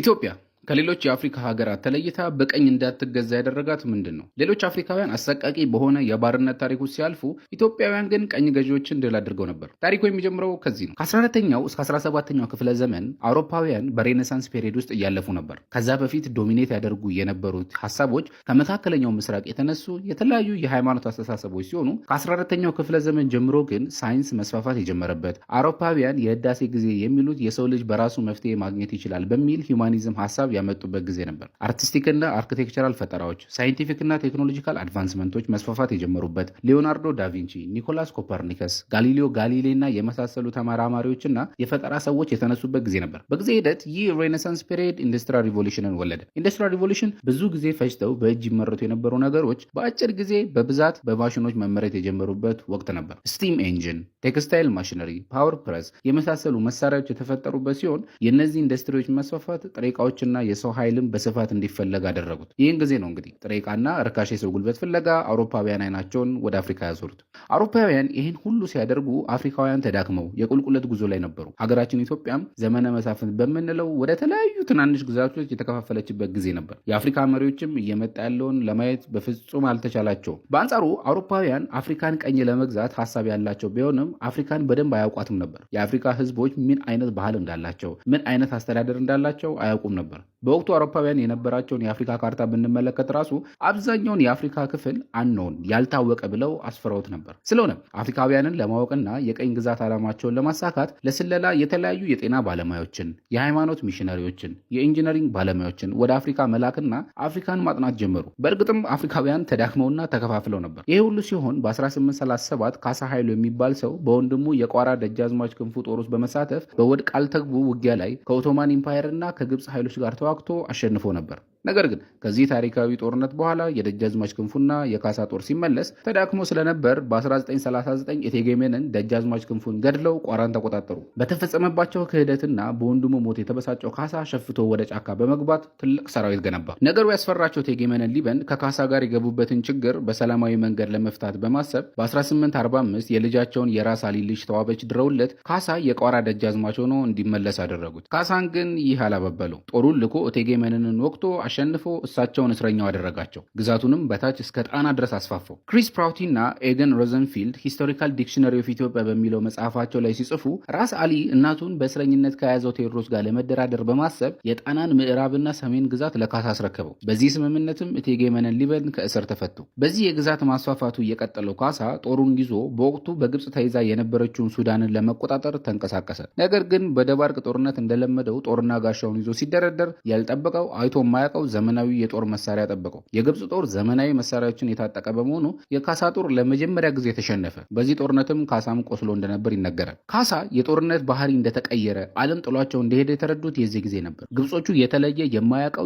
ኢትዮጵያ ከሌሎች የአፍሪካ ሀገራት ተለይታ በቀኝ እንዳትገዛ ያደረጋት ምንድን ነው? ሌሎች አፍሪካውያን አሰቃቂ በሆነ የባርነት ታሪክ ውስጥ ሲያልፉ፣ ኢትዮጵያውያን ግን ቀኝ ገዢዎችን ድል አድርገው ነበር። ታሪኩ የሚጀምረው ከዚህ ነው። 14 ተኛው እስከ 17ኛው ክፍለ ዘመን አውሮፓውያን በሬኔሳንስ ፔሪድ ውስጥ እያለፉ ነበር። ከዛ በፊት ዶሚኔት ያደርጉ የነበሩት ሀሳቦች ከመካከለኛው ምስራቅ የተነሱ የተለያዩ የሃይማኖት አስተሳሰቦች ሲሆኑ ከ14ኛው ክፍለ ዘመን ጀምሮ ግን ሳይንስ መስፋፋት የጀመረበት አውሮፓውያን የህዳሴ ጊዜ የሚሉት የሰው ልጅ በራሱ መፍትሄ ማግኘት ይችላል በሚል ሂውማኒዝም ሀሳብ ያመጡበት ጊዜ ነበር። አርቲስቲክና አርክቴክቸራል ፈጠራዎች፣ ሳይንቲፊክና ቴክኖሎጂካል አድቫንስመንቶች መስፋፋት የጀመሩበት ሊዮናርዶ ዳቪንቺ፣ ኒኮላስ ኮፐርኒከስ፣ ጋሊሊዮ ጋሊሌና የመሳሰሉ ተመራማሪዎችና የፈጠራ ሰዎች የተነሱበት ጊዜ ነበር። በጊዜ ሂደት ይህ ሬኔሳንስ ፔሪየድ ኢንዱስትሪያል ሪቮሉሽንን ወለደ። ኢንዱስትሪያል ሪቮሉሽን ብዙ ጊዜ ፈጅተው በእጅ ይመረቱ የነበሩ ነገሮች በአጭር ጊዜ በብዛት በማሽኖች መመረት የጀመሩበት ወቅት ነበር። ስቲም ኤንጂን ቴክስታይል ማሽነሪ፣ ፓወር ፕረስ የመሳሰሉ መሳሪያዎች የተፈጠሩበት ሲሆን የእነዚህ ኢንዱስትሪዎች መስፋፋት ጥሬ የሰው ኃይልም በስፋት እንዲፈለግ አደረጉት። ይህን ጊዜ ነው እንግዲህ ጥሬ ዕቃና ርካሽ የሰው ጉልበት ፍለጋ አውሮፓውያን አይናቸውን ወደ አፍሪካ ያዞሩት። አውሮፓውያን ይህን ሁሉ ሲያደርጉ አፍሪካውያን ተዳክመው የቁልቁለት ጉዞ ላይ ነበሩ። ሀገራችን ኢትዮጵያም ዘመነ መሳፍንት በምንለው ወደ ተለያዩ ትናንሽ ግዛቶች የተከፋፈለችበት ጊዜ ነበር። የአፍሪካ መሪዎችም እየመጣ ያለውን ለማየት በፍጹም አልተቻላቸውም። በአንጻሩ አውሮፓውያን አፍሪካን ቀኝ ለመግዛት ሀሳብ ያላቸው ቢሆንም አፍሪካን በደንብ አያውቋትም ነበር። የአፍሪካ ህዝቦች ምን አይነት ባህል እንዳላቸው፣ ምን አይነት አስተዳደር እንዳላቸው አያውቁም ነበር። በወቅቱ አውሮፓውያን የነበራቸውን የአፍሪካ ካርታ ብንመለከት ራሱ አብዛኛውን የአፍሪካ ክፍል አንነውን ያልታወቀ ብለው አስፈራውት ነበር። ስለሆነ አፍሪካውያንን ለማወቅና የቀኝ ግዛት ዓላማቸውን ለማሳካት ለስለላ የተለያዩ የጤና ባለሙያዎችን፣ የሃይማኖት ሚሽነሪዎችን፣ የኢንጂነሪንግ ባለሙያዎችን ወደ አፍሪካ መላክና አፍሪካን ማጥናት ጀመሩ። በእርግጥም አፍሪካውያን ተዳክመውና ተከፋፍለው ነበር። ይህ ሁሉ ሲሆን በ1837 ካሳ ኃይሉ የሚባል ሰው በወንድሙ የቋራ ደጃዝማች ክንፉ ጦር ውስጥ በመሳተፍ በወድ ቃል ተግቡ ውጊያ ላይ ከኦቶማን ኢምፓየርና ከግብፅ ኃይሎች ጋር ተዋ علاقته عشان نفوه ነበር ነገር ግን ከዚህ ታሪካዊ ጦርነት በኋላ የደጃዝማች ክንፉና የካሳ ጦር ሲመለስ ተዳክሞ ስለነበር በ1939 እቴጌሜንን ደጃዝማች ክንፉን ገድለው ቋራን ተቆጣጠሩ። በተፈጸመባቸው ክህደትና በወንድሙ ሞት የተበሳጨው ካሳ ሸፍቶ ወደ ጫካ በመግባት ትልቅ ሰራዊት ገነባ። ነገሩ ያስፈራቸው እቴጌሜንን ሊበን ከካሳ ጋር የገቡበትን ችግር በሰላማዊ መንገድ ለመፍታት በማሰብ በ1845 የልጃቸውን የራስ አሊ ልጅ ተዋበች ድረውለት ካሳ የቋራ ደጃዝማች ሆኖ እንዲመለስ አደረጉት። ካሳን ግን ይህ አላበበለው። ጦሩን ልኮ እቴጌሜንንን ወቅቶ አሸንፎ እሳቸውን እስረኛው አደረጋቸው። ግዛቱንም በታች እስከ ጣና ድረስ አስፋፈው። ክሪስ እና ኤገን ሮዘንፊልድ ሂስቶሪካል ዲክሽነሪ ኦፍ ኢትዮጵያ በሚለው መጽሐፋቸው ላይ ሲጽፉ ራስ አሊ እናቱን በእስረኝነት ከያዘው ቴዎድሮስ ጋር ለመደራደር በማሰብ የጣናን ምዕራብና ሰሜን ግዛት ለካሳ አስረከበው። በዚህ ስምምነትም እቴጌ መነሊበን ከእስር ተፈቱ። በዚህ የግዛት ማስፋፋቱ የቀጠለው ካሳ ጦሩን ይዞ በወቅቱ በግብፅ ተይዛ የነበረችውን ሱዳንን ለመቆጣጠር ተንቀሳቀሰ። ነገር ግን በደባርቅ ጦርነት እንደለመደው ጦርና ጋሻውን ይዞ ሲደረደር ያልጠበቀው አይቶ የማያውቀው ዘመናዊ የጦር መሳሪያ ጠበቀው። የግብፅ ጦር ዘመናዊ መሳሪያዎችን የታጠቀ በመሆኑ የካሳ ጦር ለመጀመሪያ ጊዜ ተሸነፈ። በዚህ ጦርነትም ካሳም ቆስሎ እንደነበር ይነገራል። ካሳ የጦርነት ባህሪ እንደተቀየረ ዓለም ጥሏቸው እንደሄደ የተረዱት የዚህ ጊዜ ነበር። ግብጾቹ የተለየ የማያውቀው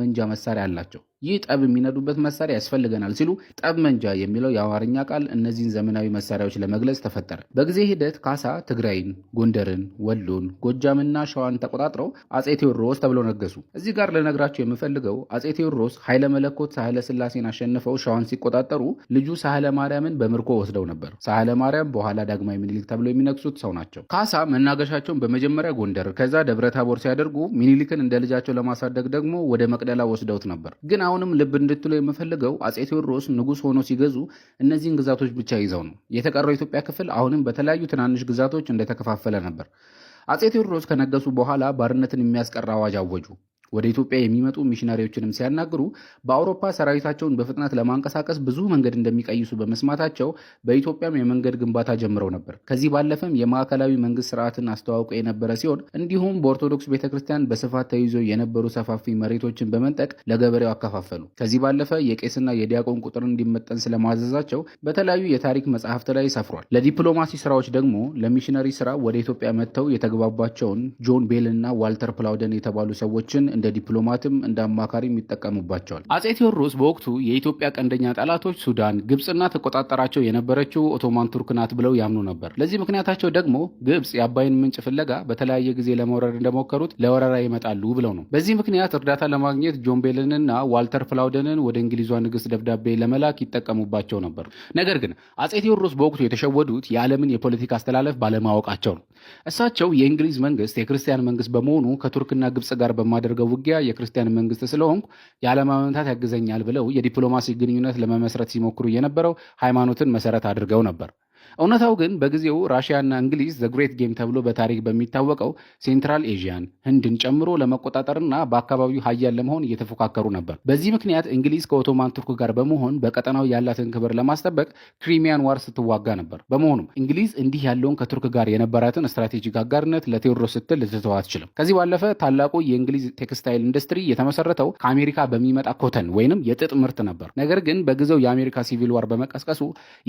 መንጃ መሳሪያ አላቸው። ይህ ጠብ የሚነዱበት መሳሪያ ያስፈልገናል ሲሉ ጠብ መንጃ የሚለው የአማርኛ ቃል እነዚህን ዘመናዊ መሳሪያዎች ለመግለጽ ተፈጠረ። በጊዜ ሂደት ካሳ ትግራይን፣ ጎንደርን፣ ወሎን፣ ጎጃምና ሸዋን ተቆጣጥረው አጼ ቴዎድሮስ ተብለው ነገሱ። እዚህ ጋር ልነግራቸው የምፈልገው አጼ ቴዎድሮስ ኃይለ መለኮት ሳህለ ስላሴን አሸንፈው ሸዋን ሲቆጣጠሩ ልጁ ሳህለ ማርያምን በምርኮ ወስደው ነበር። ሳህለ ማርያም በኋላ ዳግማዊ ምኒልክ ተብለው የሚነግሱት ሰው ናቸው። ካሳ መናገሻቸውን በመጀመሪያ ጎንደር ከዛ ደብረ ታቦር ሲያደርጉ ምኒልክን እንደ ልጃቸው ለማሳደግ ደግሞ ወደ መቅደላ ወስደውት ነበር ግን አሁንም ልብ እንድትለው የምፈልገው አጼ ቴዎድሮስ ንጉሥ ሆኖ ሲገዙ እነዚህን ግዛቶች ብቻ ይዘው ነው። የተቀረው የኢትዮጵያ ክፍል አሁንም በተለያዩ ትናንሽ ግዛቶች እንደተከፋፈለ ነበር። አጼ ቴዎድሮስ ከነገሱ በኋላ ባርነትን የሚያስቀራ አዋጅ አወጁ። ወደ ኢትዮጵያ የሚመጡ ሚሽነሪዎችንም ሲያናግሩ በአውሮፓ ሰራዊታቸውን በፍጥነት ለማንቀሳቀስ ብዙ መንገድ እንደሚቀይሱ በመስማታቸው በኢትዮጵያም የመንገድ ግንባታ ጀምረው ነበር። ከዚህ ባለፈም የማዕከላዊ መንግስት ስርዓትን አስተዋውቀ የነበረ ሲሆን እንዲሁም በኦርቶዶክስ ቤተክርስቲያን በስፋት ተይዘው የነበሩ ሰፋፊ መሬቶችን በመንጠቅ ለገበሬው አከፋፈሉ። ከዚህ ባለፈ የቄስና የዲያቆን ቁጥር እንዲመጠን ስለማዘዛቸው በተለያዩ የታሪክ መጽሐፍት ላይ ሰፍሯል። ለዲፕሎማሲ ስራዎች ደግሞ ለሚሽነሪ ስራ ወደ ኢትዮጵያ መጥተው የተግባባቸውን ጆን ቤልና ዋልተር ፕላውደን የተባሉ ሰዎችን እንደ ዲፕሎማትም እንደ አማካሪም ይጠቀሙባቸዋል። አጼ ቴዎድሮስ በወቅቱ የኢትዮጵያ ቀንደኛ ጠላቶች ሱዳን፣ ግብፅና ተቆጣጠራቸው የነበረችው ኦቶማን ቱርክ ናት ብለው ያምኑ ነበር። ለዚህ ምክንያታቸው ደግሞ ግብፅ የአባይን ምንጭ ፍለጋ በተለያየ ጊዜ ለመውረድ እንደሞከሩት ለወረራ ይመጣሉ ብለው ነው። በዚህ ምክንያት እርዳታ ለማግኘት ጆንቤልንና ዋልተር ፍላውደንን ወደ እንግሊዟ ንግስት ደብዳቤ ለመላክ ይጠቀሙባቸው ነበር። ነገር ግን አጼ ቴዎድሮስ በወቅቱ የተሸወዱት የዓለምን የፖለቲካ አስተላለፍ ባለማወቃቸው ነው። እሳቸው የእንግሊዝ መንግስት የክርስቲያን መንግስት በመሆኑ ከቱርክና ግብፅ ጋር በማደርገው ውጊያ የክርስቲያን መንግስት ስለሆንኩ የዓለማመንታት ያግዘኛል ብለው የዲፕሎማሲ ግንኙነት ለመመስረት ሲሞክሩ የነበረው ሃይማኖትን መሰረት አድርገው ነበር። እውነታው ግን በጊዜው ራሽያና እንግሊዝ ዘግሬት ጌም ተብሎ በታሪክ በሚታወቀው ሴንትራል ኤዥያን ህንድን ጨምሮ ለመቆጣጠርና በአካባቢው ሀያል ለመሆን እየተፎካከሩ ነበር። በዚህ ምክንያት እንግሊዝ ከኦቶማን ቱርክ ጋር በመሆን በቀጠናው ያላትን ክብር ለማስጠበቅ ክሪሚያን ዋር ስትዋጋ ነበር። በመሆኑም እንግሊዝ እንዲህ ያለውን ከቱርክ ጋር የነበራትን ስትራቴጂክ አጋርነት ለቴዎድሮስ ስትል ልትተው አትችልም። ከዚህ ባለፈ ታላቁ የእንግሊዝ ቴክስታይል ኢንዱስትሪ የተመሰረተው ከአሜሪካ በሚመጣ ኮተን ወይንም የጥጥ ምርት ነበር። ነገር ግን በጊዜው የአሜሪካ ሲቪል ዋር በመቀስቀሱ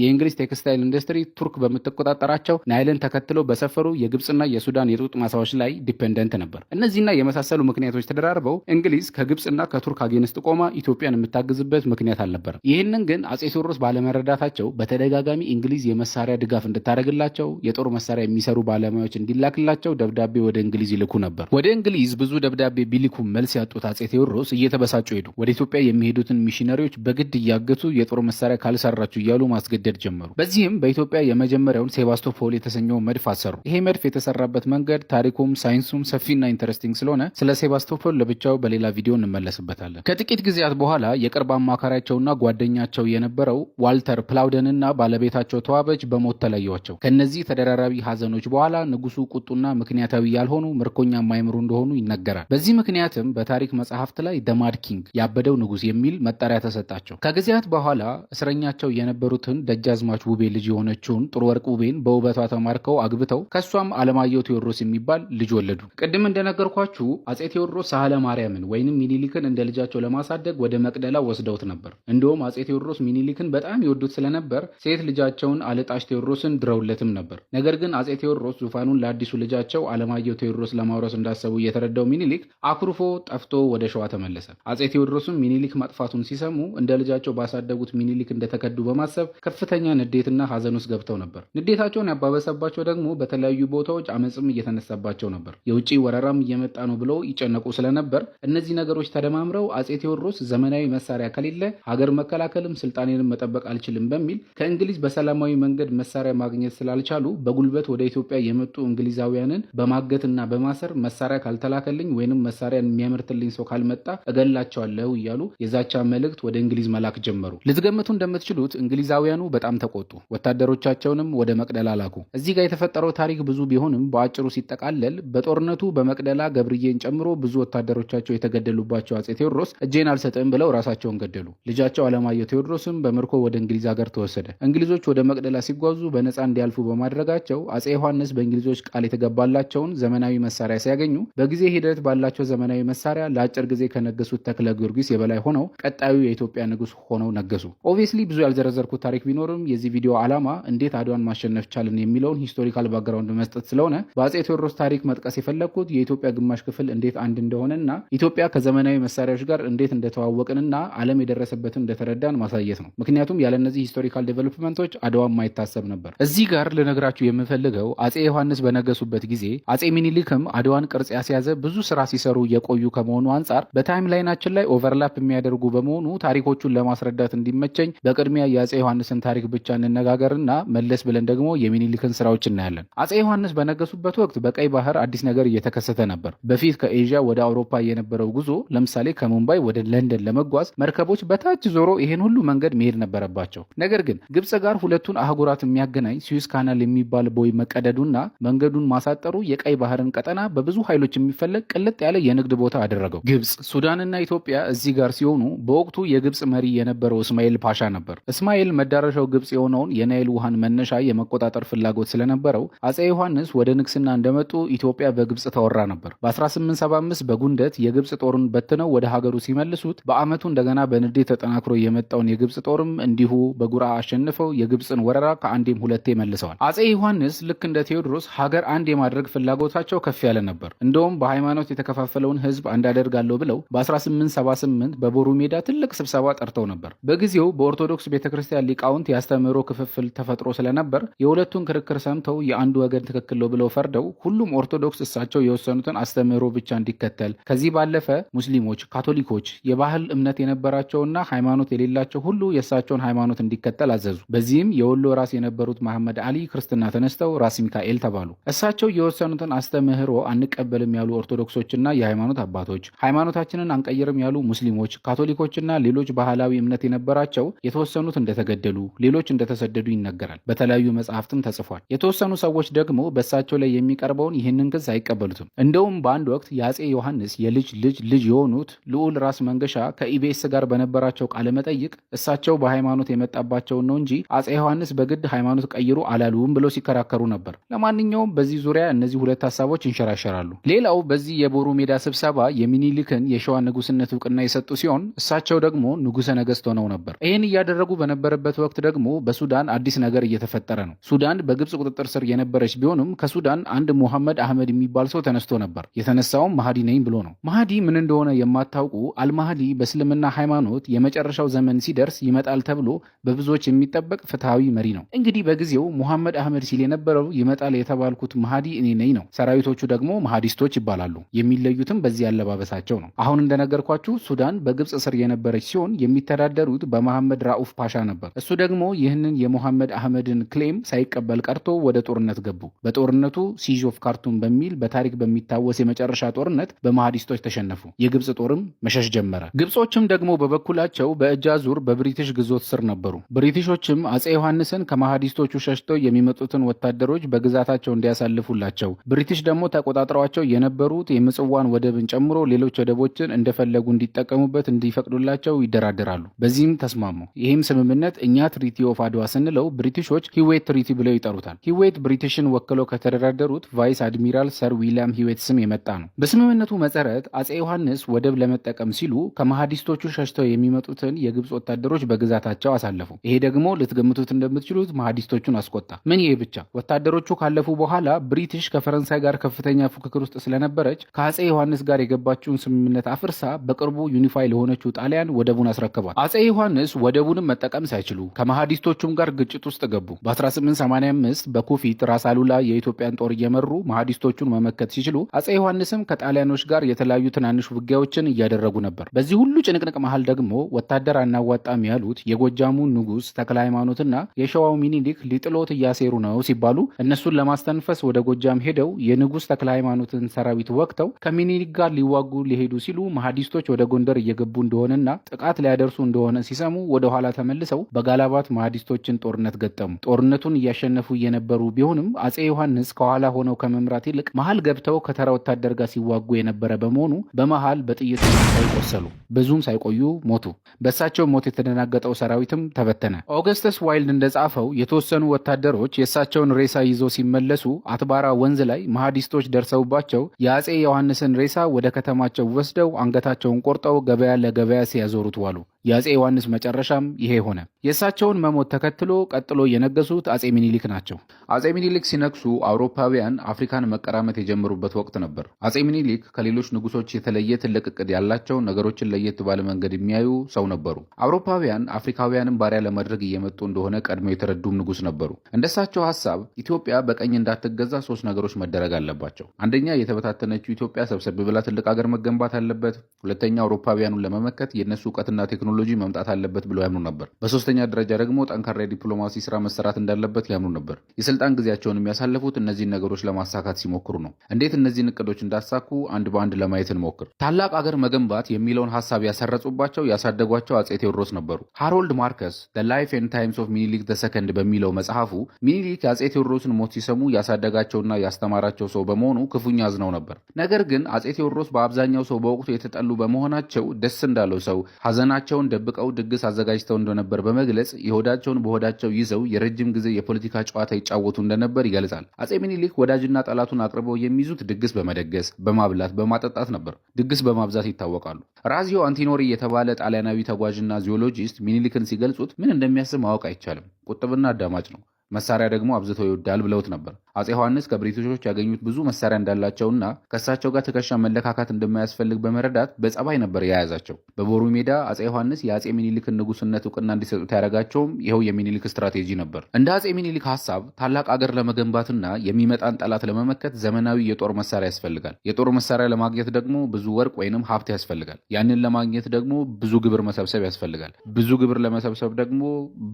የእንግሊዝ ቴክስታይል ኢንዱስትሪ ቱርክ በምትቆጣጠራቸው ናይልን ተከትሎ በሰፈሩ የግብፅና የሱዳን የጡጥ ማሳዎች ላይ ዲፔንደንት ነበር። እነዚህና የመሳሰሉ ምክንያቶች ተደራርበው እንግሊዝ ከግብፅና ከቱርክ አጌንስት ቆማ ኢትዮጵያን የምታግዝበት ምክንያት አልነበረም። ይህንን ግን አጼ ቴዎድሮስ ባለመረዳታቸው በተደጋጋሚ እንግሊዝ የመሳሪያ ድጋፍ እንድታደርግላቸው፣ የጦር መሳሪያ የሚሰሩ ባለሙያዎች እንዲላክላቸው ደብዳቤ ወደ እንግሊዝ ይልኩ ነበር። ወደ እንግሊዝ ብዙ ደብዳቤ ቢልኩ መልስ ያጡት አጼ ቴዎድሮስ እየተበሳጩ ሄዱ። ወደ ኢትዮጵያ የሚሄዱትን ሚሽነሪዎች በግድ እያገቱ የጦር መሳሪያ ካልሰራችሁ እያሉ ማስገደድ ጀመሩ። በዚህም በኢትዮጵያ የመጀመሪያውን ሴባስቶፖል የተሰኘውን መድፍ አሰሩ። ይሄ መድፍ የተሰራበት መንገድ ታሪኩም ሳይንሱም ሰፊና ኢንተረስቲንግ ስለሆነ ስለ ሴባስቶፖል ለብቻው በሌላ ቪዲዮ እንመለስበታለን። ከጥቂት ጊዜያት በኋላ የቅርብ አማካሪያቸውና ጓደኛቸው የነበረው ዋልተር ፕላውደንና ባለቤታቸው ተዋበች በሞት ተለየዋቸው። ከነዚህ ተደራራቢ ሀዘኖች በኋላ ንጉሱ ቁጡና ምክንያታዊ ያልሆኑ ምርኮኛ የማይምሩ እንደሆኑ ይነገራል። በዚህ ምክንያትም በታሪክ መጽሐፍት ላይ ደማድ ኪንግ ያበደው ንጉስ የሚል መጠሪያ ተሰጣቸው። ከጊዜያት በኋላ እስረኛቸው የነበሩትን ደጃዝማች ውቤ ልጅ የሆነችው የሆነችውን ጥሩ ወርቅ ውቤን በውበቷ ተማርከው አግብተው ከእሷም አለማየሁ ቴዎድሮስ የሚባል ልጅ ወለዱ። ቅድም እንደነገርኳችሁ አጼ ቴዎድሮስ ሳህለ ማርያምን ወይንም ሚኒሊክን እንደ ልጃቸው ለማሳደግ ወደ መቅደላ ወስደውት ነበር። እንዲሁም አጼ ቴዎድሮስ ሚኒሊክን በጣም ይወዱት ስለነበር ሴት ልጃቸውን አለጣሽ ቴዎድሮስን ድረውለትም ነበር። ነገር ግን አጼ ቴዎድሮስ ዙፋኑን ለአዲሱ ልጃቸው አለማየሁ ቴዎድሮስ ለማውረስ እንዳሰቡ እየተረዳው ሚኒሊክ አኩርፎ ጠፍቶ ወደ ሸዋ ተመለሰ። አጼ ቴዎድሮስም ሚኒሊክ ማጥፋቱን ሲሰሙ እንደ ልጃቸው ባሳደጉት ሚኒሊክ እንደተከዱ በማሰብ ከፍተኛ ንዴትና ሀዘን ውስጥ ገብተው ነበር። ንዴታቸውን ያባበሰባቸው ደግሞ በተለያዩ ቦታዎች አመፅም እየተነሳባቸው ነበር። የውጭ ወረራም እየመጣ ነው ብለው ይጨነቁ ስለነበር እነዚህ ነገሮች ተደማምረው አጼ ቴዎድሮስ ዘመናዊ መሳሪያ ከሌለ ሀገር መከላከልም ስልጣኔንም መጠበቅ አልችልም በሚል ከእንግሊዝ በሰላማዊ መንገድ መሳሪያ ማግኘት ስላልቻሉ በጉልበት ወደ ኢትዮጵያ የመጡ እንግሊዛውያንን በማገትና በማሰር መሳሪያ ካልተላከልኝ ወይንም መሳሪያን የሚያመርትልኝ ሰው ካልመጣ እገላቸዋለሁ እያሉ የዛቻ መልእክት ወደ እንግሊዝ መላክ ጀመሩ። ልትገምቱ እንደምትችሉት እንግሊዛውያኑ በጣም ተቆጡ። ወታደሮቻ ልጆቻቸውንም ወደ መቅደላ ላኩ። እዚህ ጋር የተፈጠረው ታሪክ ብዙ ቢሆንም በአጭሩ ሲጠቃለል በጦርነቱ በመቅደላ ገብርዬን ጨምሮ ብዙ ወታደሮቻቸው የተገደሉባቸው አፄ ቴዎድሮስ እጄን አልሰጥም ብለው ራሳቸውን ገደሉ። ልጃቸው አለማየሁ ቴዎድሮስም በምርኮ ወደ እንግሊዝ ሀገር ተወሰደ። እንግሊዞች ወደ መቅደላ ሲጓዙ በነፃ እንዲያልፉ በማድረጋቸው አፄ ዮሐንስ በእንግሊዞች ቃል የተገባላቸውን ዘመናዊ መሳሪያ ሲያገኙ በጊዜ ሂደት ባላቸው ዘመናዊ መሳሪያ ለአጭር ጊዜ ከነገሱት ተክለ ጊዮርጊስ የበላይ ሆነው ቀጣዩ የኢትዮጵያ ንጉስ ሆነው ነገሱ። ኦብቪየስሊ ብዙ ያልዘረዘርኩት ታሪክ ቢኖርም የዚህ ቪዲዮ ዓላማ እንዴት አድዋን ማሸነፍ ቻልን የሚለውን ሂስቶሪካል ባክግራውንድ መስጠት ስለሆነ በአፄ ቴዎድሮስ ታሪክ መጥቀስ የፈለግኩት የኢትዮጵያ ግማሽ ክፍል እንዴት አንድ እንደሆነና ኢትዮጵያ ከዘመናዊ መሳሪያዎች ጋር እንዴት እንደተዋወቅንና ዓለም የደረሰበትን እንደተረዳን ማሳየት ነው። ምክንያቱም ያለነዚህ ሂስቶሪካል ዴቨሎፕመንቶች አድዋ የማይታሰብ ነበር። እዚህ ጋር ልነግራችሁ የምፈልገው አፄ ዮሐንስ በነገሱበት ጊዜ አፄ ሚኒሊክም አድዋን ቅርጽ ያስያዘ ብዙ ስራ ሲሰሩ የቆዩ ከመሆኑ አንጻር በታይም ላይናችን ላይ ኦቨርላፕ የሚያደርጉ በመሆኑ ታሪኮቹን ለማስረዳት እንዲመቸኝ በቅድሚያ የአፄ ዮሐንስን ታሪክ ብቻ እንነጋገርና መለስ ብለን ደግሞ የሚኒሊክን ስራዎች እናያለን። አጼ ዮሐንስ በነገሱበት ወቅት በቀይ ባህር አዲስ ነገር እየተከሰተ ነበር። በፊት ከኤዥያ ወደ አውሮፓ የነበረው ጉዞ ለምሳሌ ከሙምባይ ወደ ለንደን ለመጓዝ መርከቦች በታች ዞሮ ይሄን ሁሉ መንገድ መሄድ ነበረባቸው። ነገር ግን ግብፅ ጋር ሁለቱን አህጉራት የሚያገናኝ ስዊዝ ካናል የሚባል ቦይ መቀደዱና መንገዱን ማሳጠሩ የቀይ ባህርን ቀጠና በብዙ ኃይሎች የሚፈለግ ቅልጥ ያለ የንግድ ቦታ አደረገው። ግብፅ፣ ሱዳንና ኢትዮጵያ እዚህ ጋር ሲሆኑ በወቅቱ የግብፅ መሪ የነበረው እስማኤል ፓሻ ነበር። እስማኤል መዳረሻው ግብፅ የሆነውን የናይል ውሃን ሱዳን መነሻ የመቆጣጠር ፍላጎት ስለነበረው አጼ ዮሐንስ ወደ ንግስና እንደመጡ ኢትዮጵያ በግብፅ ተወራ ነበር። በ1875 በጉንደት የግብፅ ጦርን በትነው ወደ ሀገሩ ሲመልሱት በዓመቱ እንደገና በንዴት ተጠናክሮ የመጣውን የግብፅ ጦርም እንዲሁ በጉራ አሸንፈው የግብፅን ወረራ ከአንዴም ሁለቴ መልሰዋል። አጼ ዮሐንስ ልክ እንደ ቴዎድሮስ ሀገር አንድ የማድረግ ፍላጎታቸው ከፍ ያለ ነበር። እንደውም በሃይማኖት የተከፋፈለውን ህዝብ አንዳደርጋለሁ ብለው በ1878 በቦሩ ሜዳ ትልቅ ስብሰባ ጠርተው ነበር። በጊዜው በኦርቶዶክስ ቤተክርስቲያን ሊቃውንት ያስተምህሮ ክፍፍል ተፈጥሮ ተፈጥሮ ስለነበር የሁለቱን ክርክር ሰምተው የአንዱ ወገን ትክክል ነው ብለው ፈርደው ሁሉም ኦርቶዶክስ እሳቸው የወሰኑትን አስተምህሮ ብቻ እንዲከተል ከዚህ ባለፈ ሙስሊሞች፣ ካቶሊኮች፣ የባህል እምነት የነበራቸውና ሃይማኖት የሌላቸው ሁሉ የእሳቸውን ሃይማኖት እንዲከተል አዘዙ። በዚህም የወሎ ራስ የነበሩት መሐመድ አሊ ክርስትና ተነስተው ራስ ሚካኤል ተባሉ። እሳቸው የወሰኑትን አስተምህሮ አንቀበልም ያሉ ኦርቶዶክሶችና የሃይማኖት አባቶች፣ ሃይማኖታችንን አንቀይርም ያሉ ሙስሊሞች፣ ካቶሊኮችና ሌሎች ባህላዊ እምነት የነበራቸው የተወሰኑት እንደተገደሉ፣ ሌሎች እንደተሰደዱ ይነገራል። ይናገራል። በተለያዩ መጽሐፍትም ተጽፏል። የተወሰኑ ሰዎች ደግሞ በእሳቸው ላይ የሚቀርበውን ይህንን ክስ አይቀበሉትም። እንደውም በአንድ ወቅት የአጼ ዮሐንስ የልጅ ልጅ ልጅ የሆኑት ልዑል ራስ መንገሻ ከኢቢኤስ ጋር በነበራቸው ቃለመጠይቅ እሳቸው በሃይማኖት የመጣባቸውን ነው እንጂ አጼ ዮሐንስ በግድ ሃይማኖት ቀይሩ አላሉም ብለው ሲከራከሩ ነበር። ለማንኛውም በዚህ ዙሪያ እነዚህ ሁለት ሀሳቦች ይንሸራሸራሉ። ሌላው በዚህ የቦሩ ሜዳ ስብሰባ የሚኒሊክን የሸዋ ንጉስነት እውቅና የሰጡ ሲሆን እሳቸው ደግሞ ንጉሰ ነገስት ሆነው ነበር። ይህን እያደረጉ በነበረበት ወቅት ደግሞ በሱዳን አዲስ ነገር ነገር እየተፈጠረ ነው። ሱዳን በግብፅ ቁጥጥር ስር የነበረች ቢሆንም ከሱዳን አንድ ሙሐመድ አህመድ የሚባል ሰው ተነስቶ ነበር። የተነሳውም ማሃዲ ነኝ ብሎ ነው። ማሃዲ ምን እንደሆነ የማታውቁ አልማሃዲ በእስልምና ሃይማኖት የመጨረሻው ዘመን ሲደርስ ይመጣል ተብሎ በብዙዎች የሚጠበቅ ፍትሐዊ መሪ ነው። እንግዲህ በጊዜው ሙሐመድ አህመድ ሲል የነበረው ይመጣል የተባልኩት ማሃዲ እኔ ነኝ ነው። ሰራዊቶቹ ደግሞ ማሃዲስቶች ይባላሉ። የሚለዩትም በዚህ አለባበሳቸው ነው። አሁን እንደነገርኳችሁ ሱዳን በግብፅ ስር የነበረች ሲሆን የሚተዳደሩት በመሐመድ ራኡፍ ፓሻ ነበር። እሱ ደግሞ ይህንን የሙሐመድ አህመድ አህመድን ክሌም ሳይቀበል ቀርቶ ወደ ጦርነት ገቡ። በጦርነቱ ሲዥ ኦፍ ካርቱም በሚል በታሪክ በሚታወስ የመጨረሻ ጦርነት በመሐዲስቶች ተሸነፉ። የግብፅ ጦርም መሸሽ ጀመረ። ግብጾችም ደግሞ በበኩላቸው በእጃ ዙር በብሪቲሽ ግዞት ስር ነበሩ። ብሪቲሾችም አጼ ዮሐንስን ከመሐዲስቶቹ ሸሽተው የሚመጡትን ወታደሮች በግዛታቸው እንዲያሳልፉላቸው፣ ብሪቲሽ ደግሞ ተቆጣጥረዋቸው የነበሩት የምጽዋን ወደብን ጨምሮ ሌሎች ወደቦችን እንደፈለጉ እንዲጠቀሙበት እንዲፈቅዱላቸው ይደራደራሉ። በዚህም ተስማሙ። ይህም ስምምነት እኛ ትሪቲ ኦፍ አድዋ ስንለው ብሪቲሽ ብሪቲሾች ሂዌት ትሪቲ ብለው ይጠሩታል። ሂዌት ብሪቲሽን ወክለው ከተደራደሩት ቫይስ አድሚራል ሰር ዊሊያም ሂዌት ስም የመጣ ነው። በስምምነቱ መሰረት አጼ ዮሐንስ ወደብ ለመጠቀም ሲሉ ከመሐዲስቶቹ ሸሽተው የሚመጡትን የግብፅ ወታደሮች በግዛታቸው አሳለፉ። ይሄ ደግሞ ልትገምቱት እንደምትችሉት መሐዲስቶቹን አስቆጣ። ምን ይሄ ብቻ፣ ወታደሮቹ ካለፉ በኋላ ብሪቲሽ ከፈረንሳይ ጋር ከፍተኛ ፉክክር ውስጥ ስለነበረች ከአጼ ዮሐንስ ጋር የገባችውን ስምምነት አፍርሳ በቅርቡ ዩኒፋይ ለሆነችው ጣሊያን ወደቡን አስረክቧል። አጼ ዮሐንስ ወደቡንም መጠቀም ሳይችሉ ከመሐዲስቶቹም ጋር ግጭት ውስጥ ገቡ። በ1885 በኩፊት ራስ አሉላ የኢትዮጵያን ጦር እየመሩ መሐዲስቶቹን መመከት ሲችሉ አጼ ዮሐንስም ከጣሊያኖች ጋር የተለያዩ ትናንሽ ውጊያዎችን እያደረጉ ነበር። በዚህ ሁሉ ጭንቅንቅ መሃል ደግሞ ወታደር አናዋጣም ያሉት የጎጃሙ ንጉስ ተክለ ሃይማኖትና የሸዋው ሚኒሊክ ሊጥሎት እያሴሩ ነው ሲባሉ እነሱን ለማስተንፈስ ወደ ጎጃም ሄደው የንጉስ ተክለ ሃይማኖትን ሰራዊት ወቅተው ከሚኒሊክ ጋር ሊዋጉ ሊሄዱ ሲሉ መሐዲስቶች ወደ ጎንደር እየገቡ እንደሆነና ጥቃት ሊያደርሱ እንደሆነ ሲሰሙ ወደኋላ ተመልሰው በጋላባት መሐዲስቶችን ጦርነት ገ ገጠሙ። ጦርነቱን እያሸነፉ እየነበሩ ቢሆንም አጼ ዮሐንስ ከኋላ ሆነው ከመምራት ይልቅ መሀል ገብተው ከተራ ወታደር ጋር ሲዋጉ የነበረ በመሆኑ በመሃል በጥይት ሳይቆሰሉ ብዙም ሳይቆዩ ሞቱ። በእሳቸው ሞት የተደናገጠው ሰራዊትም ተበተነ። ኦገስተስ ዋይልድ እንደጻፈው የተወሰኑ ወታደሮች የእሳቸውን ሬሳ ይዘው ሲመለሱ አትባራ ወንዝ ላይ መሐዲስቶች ደርሰውባቸው የአጼ ዮሐንስን ሬሳ ወደ ከተማቸው ወስደው አንገታቸውን ቆርጠው ገበያ ለገበያ ሲያዞሩት ዋሉ። የአጼ ዮሐንስ መጨረሻም ይሄ ሆነ። የእሳቸውን መሞት ተከትሎ ቀጥሎ የነገሱት አጼ ሚኒሊክ ናቸው። አጼ ሚኒሊክ ሲነግሱ አውሮፓውያን አፍሪካን መቀራመት የጀመሩበት ወቅት ነበር። አጼ ሚኒሊክ ከሌሎች ንጉሶች የተለየ ትልቅ እቅድ ያላቸው፣ ነገሮችን ለየት ባለ መንገድ የሚያዩ ሰው ነበሩ። አውሮፓውያን አፍሪካውያንን ባሪያ ለማድረግ እየመጡ እንደሆነ ቀድመው የተረዱም ንጉስ ነበሩ። እንደሳቸው ሀሳብ ኢትዮጵያ በቀኝ እንዳትገዛ ሶስት ነገሮች መደረግ አለባቸው። አንደኛ የተበታተነችው ኢትዮጵያ ሰብሰብ ብላ ትልቅ ሀገር መገንባት አለበት። ሁለተኛ አውሮፓውያኑን ለመመከት የእነሱ እውቀትና ቴክኖሎጂ ቴክኖሎጂ መምጣት አለበት ብለው ያምኑ ነበር። በሶስተኛ ደረጃ ደግሞ ጠንካራ የዲፕሎማሲ ስራ መሰራት እንዳለበት ያምኑ ነበር። የስልጣን ጊዜያቸውን የሚያሳልፉት እነዚህን ነገሮች ለማሳካት ሲሞክሩ ነው። እንዴት እነዚህን እቅዶች እንዳሳኩ አንድ በአንድ ለማየት እንሞክር። ታላቅ አገር መገንባት የሚለውን ሀሳብ ያሰረጹባቸው ያሳደጓቸው አጼ ቴዎድሮስ ነበሩ። ሃሮልድ ማርከስ ደ ላይፍ ኤንድ ታይምስ ኦፍ ሚኒሊክ ዘሰከንድ በሚለው መጽሐፉ ሚኒሊክ የአጼ ቴዎድሮስን ሞት ሲሰሙ ያሳደጋቸውና ያስተማራቸው ሰው በመሆኑ ክፉኛ አዝነው ነበር። ነገር ግን አጼ ቴዎድሮስ በአብዛኛው ሰው በወቅቱ የተጠሉ በመሆናቸው ደስ እንዳለው ሰው ሀዘናቸውን ራሳቸውን ደብቀው ድግስ አዘጋጅተው እንደነበር በመግለጽ የሆዳቸውን በሆዳቸው ይዘው የረጅም ጊዜ የፖለቲካ ጨዋታ ይጫወቱ እንደነበር ይገልጻል። አጼ ሚኒሊክ ወዳጅና ጠላቱን አቅርበው የሚይዙት ድግስ በመደገስ በማብላት፣ በማጠጣት ነበር። ድግስ በማብዛት ይታወቃሉ። ራዚዮ አንቲኖሪ የተባለ ጣሊያናዊ ተጓዥና ዚዮሎጂስት ሚኒሊክን ሲገልጹት ምን እንደሚያስብ ማወቅ አይቻልም። ቁጥብና አዳማጭ ነው፣ መሳሪያ ደግሞ አብዝተው ይወዳል ብለውት ነበር። አጼ ዮሐንስ ከብሪቲሾች ያገኙት ብዙ መሳሪያ እንዳላቸውና ከእሳቸው ጋር ትከሻ መለካካት እንደማያስፈልግ በመረዳት በጸባይ ነበር የያዛቸው። በቦሩ ሜዳ አጼ ዮሐንስ የአጼ ሚኒሊክን ንጉስነት እውቅና እንዲሰጡት ያደረጋቸውም ይኸው የሚኒሊክ ስትራቴጂ ነበር። እንደ አጼ ሚኒሊክ ሀሳብ ታላቅ አገር ለመገንባትና የሚመጣን ጠላት ለመመከት ዘመናዊ የጦር መሳሪያ ያስፈልጋል። የጦር መሳሪያ ለማግኘት ደግሞ ብዙ ወርቅ ወይንም ሀብት ያስፈልጋል። ያንን ለማግኘት ደግሞ ብዙ ግብር መሰብሰብ ያስፈልጋል። ብዙ ግብር ለመሰብሰብ ደግሞ